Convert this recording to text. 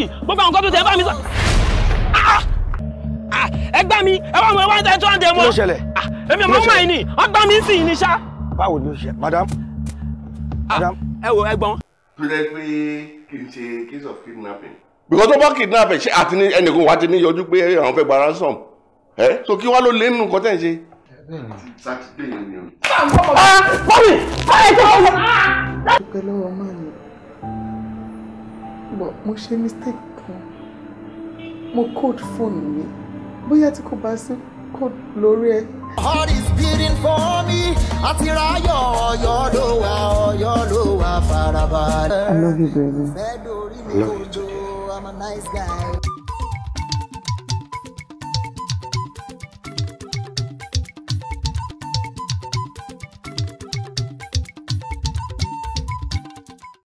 yìí gbogbo àwọn kọ́pútà ẹ bá mi sọ. Ah! Ah! ẹ mi ẹ wá mọ ẹ wá ń tẹ two hundred mọ. kí ló ṣẹlẹ̀. Ah! èmi ọmọ ọmọ yìí ni wọ́n mi sí ní ṣá. báwo ni o ṣe madam. ẹ wo ẹ gbọ́n. pé kì í ṣe case of kidnapping. because tó bá kidnap ṣé àti ẹnìkan wàá ti ní yọjú pé àwọn fẹ́ gba ransom ẹ so kí wàá ló lé nù nǹkan tẹ̀ ń ṣe. sátidé ni o. báwo ni báwo ni but mo ṣe mistake kan mo code fóònù mi bóyá tí kò bá sí code lórí ẹ. heart is beating for me àti ráyọ̀ ọ̀yọ́ ló wà ọ̀yọ́ ló wà farabalẹ̀. I love you baby. I love you. I'm a nice guy.